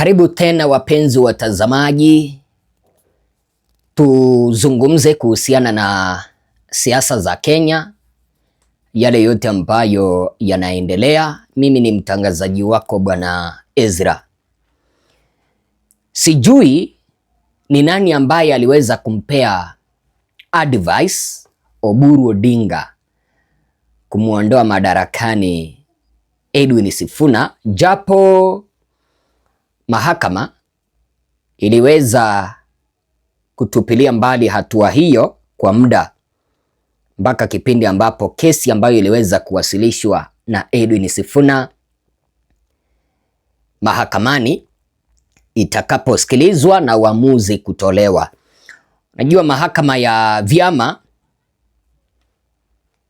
Karibu tena wapenzi watazamaji, tuzungumze kuhusiana na siasa za Kenya, yale yote ambayo yanaendelea. Mimi ni mtangazaji wako Bwana Ezra. Sijui ni nani ambaye aliweza kumpea advice Oburu Odinga kumwondoa madarakani Edwin Sifuna, japo Mahakama iliweza kutupilia mbali hatua hiyo kwa muda mpaka kipindi ambapo kesi ambayo iliweza kuwasilishwa na Edwin Sifuna mahakamani itakaposikilizwa na uamuzi kutolewa. Najua mahakama ya vyama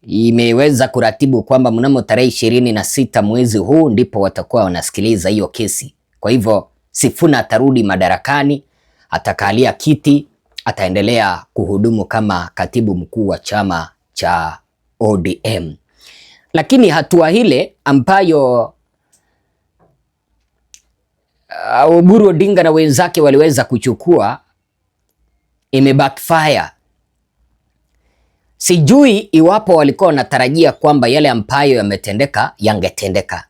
imeweza kuratibu kwamba mnamo tarehe ishirini na sita mwezi huu ndipo watakuwa wanasikiliza hiyo kesi. Kwa hivyo Sifuna atarudi madarakani, atakalia kiti, ataendelea kuhudumu kama katibu mkuu wa chama cha ODM. Lakini hatua ile ambayo uh, Oburu Odinga na wenzake waliweza kuchukua imebackfire. Sijui iwapo walikuwa wanatarajia kwamba yale ambayo yametendeka yangetendeka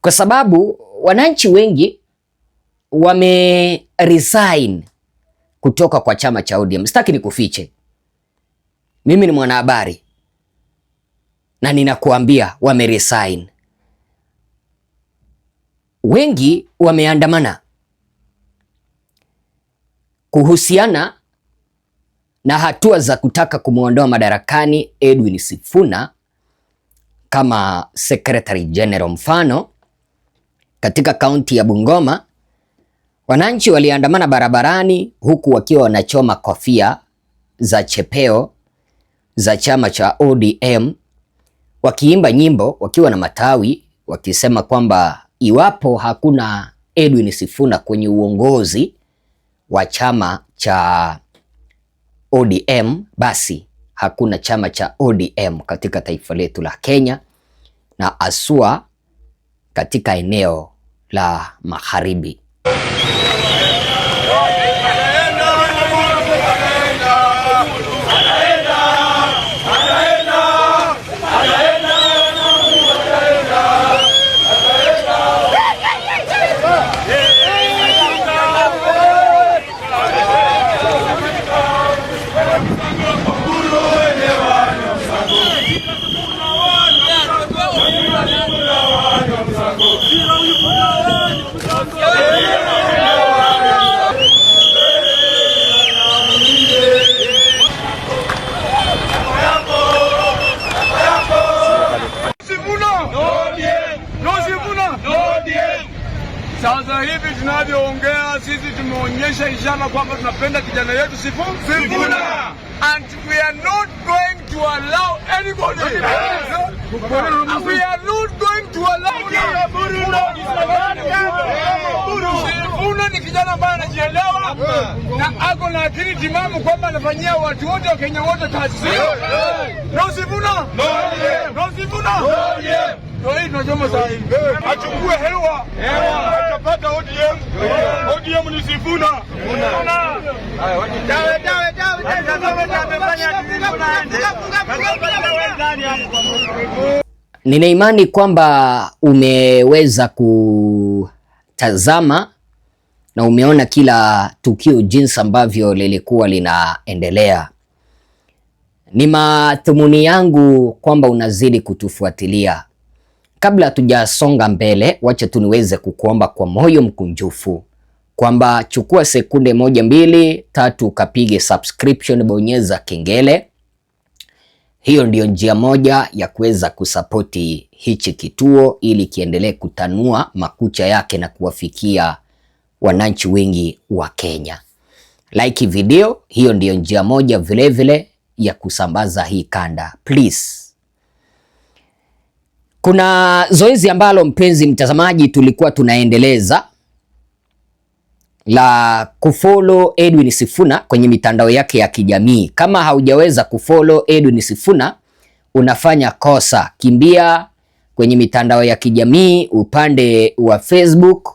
kwa sababu wananchi wengi wame resign kutoka kwa chama cha ODM. Sitaki nikufiche, mimi ni mwanahabari na ninakuambia wame resign. Wengi wameandamana kuhusiana na hatua za kutaka kumwondoa madarakani Edwin Sifuna kama Secretary General mfano katika kaunti ya Bungoma, wananchi waliandamana barabarani huku wakiwa wanachoma kofia za chepeo za chama cha ODM, wakiimba nyimbo wakiwa na matawi wakisema kwamba iwapo hakuna Edwin Sifuna kwenye uongozi wa chama cha ODM basi hakuna chama cha ODM katika taifa letu la Kenya na aswa katika eneo la magharibi. vijana kwamba tunapenda kijana yetu Sifuna and we are not going to allow anybody we are not going to allow Sifuna ni kijana ambaye anajielewa na ako na akili timamu kwamba anafanyia watu wote wa Kenya wote kazi. No Sifuna, no Sifuna, ndio hii tunasema sasa, achukue hewa ninaimani ODM. ODM ni Sifuna. Nina imani kwamba umeweza kutazama na umeona kila tukio jinsi ambavyo lilikuwa linaendelea. Ni mathumuni yangu kwamba unazidi kutufuatilia Kabla hatujasonga mbele, wacha tu niweze kukuomba kwa moyo mkunjufu kwamba chukua sekunde moja mbili tatu, kapige subscription, bonyeza kengele. Hiyo ndiyo njia moja ya kuweza kusapoti hichi kituo ili kiendelee kutanua makucha yake na kuwafikia wananchi wengi wa Kenya. Like video, hiyo ndiyo njia moja vilevile vile ya kusambaza hii kanda please. Kuna zoezi ambalo mpenzi mtazamaji, tulikuwa tunaendeleza la kufollow Edwin Sifuna kwenye mitandao yake ya kijamii. Kama haujaweza kufollow Edwin Sifuna, unafanya kosa. Kimbia kwenye mitandao ya kijamii upande wa Facebook,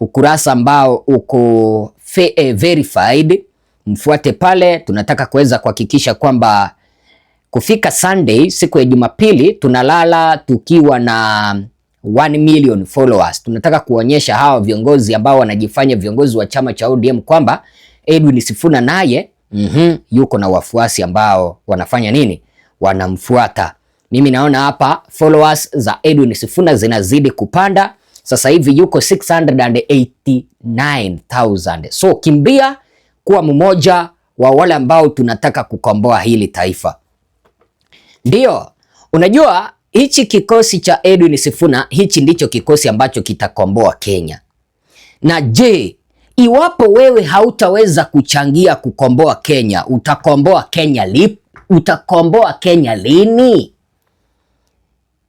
ukurasa ambao uko eh, verified, mfuate pale. Tunataka kuweza kuhakikisha kwamba Kufika Sunday siku ya Jumapili tunalala tukiwa na 1 million followers. Tunataka kuonyesha hawa viongozi ambao wanajifanya viongozi wa chama cha ODM kwamba Edwin Sifuna naye mm -hmm, yuko na wafuasi ambao wanafanya nini? Wanamfuata. Mimi naona hapa followers za Edwin Sifuna zinazidi kupanda. Sasa hivi yuko 689,000. So kimbia kuwa mmoja wa wale ambao tunataka kukomboa hili taifa. Ndiyo, unajua hichi kikosi cha Edwin Sifuna hichi ndicho kikosi ambacho kitakomboa Kenya. Na je, iwapo wewe hautaweza kuchangia kukomboa Kenya, utakomboa Kenya lip, utakomboa Kenya lini?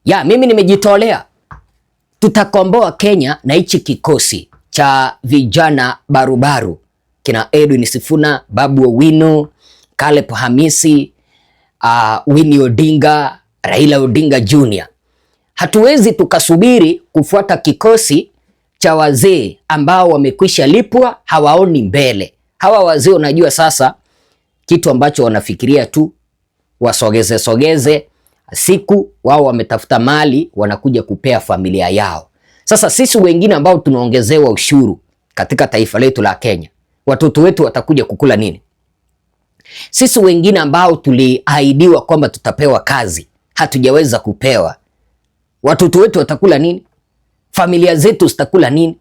Ya, mimi nimejitolea, tutakomboa Kenya na hichi kikosi cha vijana barubaru kina Edwin Sifuna, Babu Owino, Caleb Hamisi uh, Winnie Odinga, Raila Odinga Jr. Hatuwezi tukasubiri kufuata kikosi cha wazee ambao wamekwisha lipwa, hawaoni mbele. Hawa wazee unajua sasa kitu ambacho wanafikiria tu wasogeze sogeze siku, wao wametafuta mali, wanakuja kupea familia yao. Sasa sisi wengine ambao tunaongezewa ushuru katika taifa letu la Kenya, watoto wetu watakuja kukula nini? Sisi wengine ambao tuliahidiwa kwamba tutapewa kazi hatujaweza kupewa, watoto wetu watakula nini? Familia zetu zitakula nini?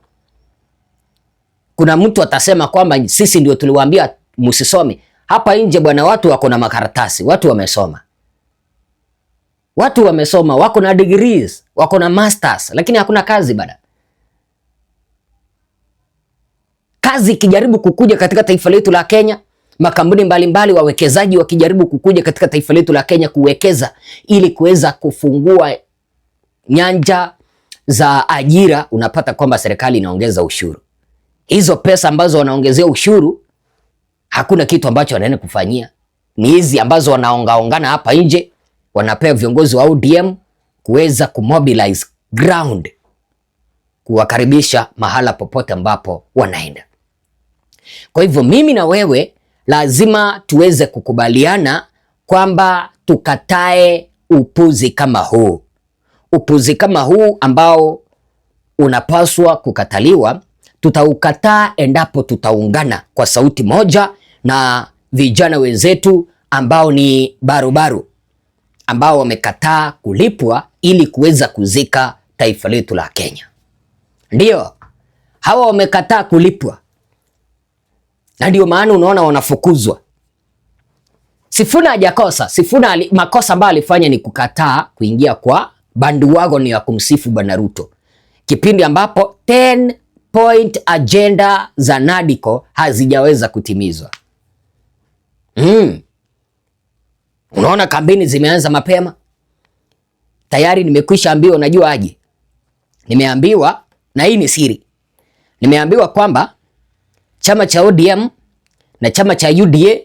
Kuna mtu atasema kwamba sisi ndio tuliwaambia msisome. Hapa nje bwana, watu wako na makaratasi, watu wamesoma, watu wamesoma, wako na degrees, wako na masters, lakini hakuna kazi bada. Kazi ikijaribu kukuja katika taifa letu la Kenya makampuni mbalimbali, wawekezaji wakijaribu kukuja katika taifa letu la Kenya kuwekeza ili kuweza kufungua nyanja za ajira, unapata kwamba serikali inaongeza ushuru. Hizo pesa ambazo wanaongezea ushuru, hakuna kitu ambacho wanaenda kufanyia. Ni hizi ambazo wanaongaongana hapa nje, wanapewa viongozi wa ODM kuweza kumobilize ground kuwakaribisha mahala popote ambapo wanaenda. Kwa hivyo mimi na wewe lazima tuweze kukubaliana kwamba tukatae upuzi kama huu. Upuzi kama huu ambao unapaswa kukataliwa, tutaukataa endapo tutaungana kwa sauti moja na vijana wenzetu ambao ni barubaru ambao wamekataa kulipwa ili kuweza kuzika taifa letu la Kenya. Ndiyo, hawa wamekataa kulipwa na ndio maana unaona wanafukuzwa. Sifuna hajakosa. Sifuna ali, makosa ambayo alifanya ni kukataa kuingia kwa bandwagon ya kumsifu Bwana Ruto kipindi ambapo 10 point agenda za Nadiko hazijaweza kutimizwa. Mm. Unaona kampeni zimeanza mapema tayari. Nimekwisha ambiwa, unajua aje, nimeambiwa na hii ni siri, nimeambiwa kwamba chama cha ODM na chama cha UDA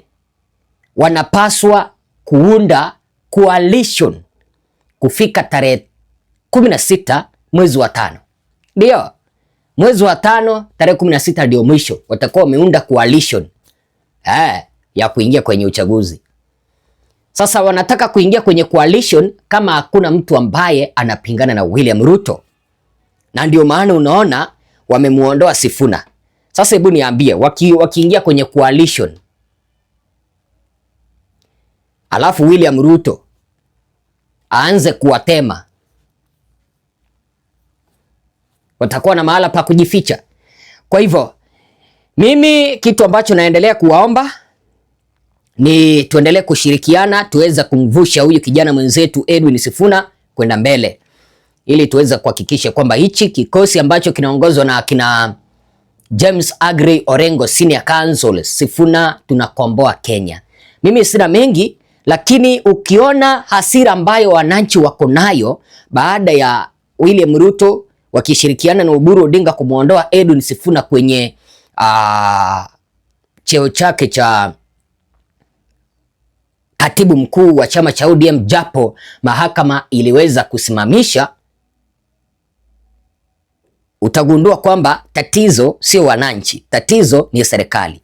wanapaswa kuunda coalition kufika tarehe 16 mwezi wa tano. Ndio mwezi wa tano tarehe 16 ndio mwisho, watakuwa wameunda coalition eh, ya kuingia kwenye uchaguzi. Sasa wanataka kuingia kwenye coalition kama hakuna mtu ambaye anapingana na William Ruto, na ndio maana unaona wamemuondoa Sifuna. Sasa hebu niambie, waki, wakiingia kwenye coalition alafu William Ruto aanze kuwatema, watakuwa na mahala pa kujificha. Kwa hivyo mimi kitu ambacho naendelea kuwaomba ni tuendelee kushirikiana tuweze kumvusha huyu kijana mwenzetu Edwin Sifuna kwenda mbele ili tuweze kuhakikisha kwamba hichi kikosi ambacho kinaongozwa na kina James agri Orengo Senior Counsel, Sifuna tunakomboa Kenya. Mimi sina mengi, lakini ukiona hasira ambayo wananchi wako nayo baada ya William Ruto wakishirikiana na uburu Odinga kumwondoa Edwin Sifuna kwenye uh, cheo chake cha katibu mkuu wa chama cha ODM, japo mahakama iliweza kusimamisha utagundua kwamba tatizo sio wananchi, tatizo ni serikali.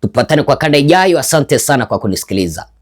Tupatane kwa kanda ijayo. Asante sana kwa kunisikiliza.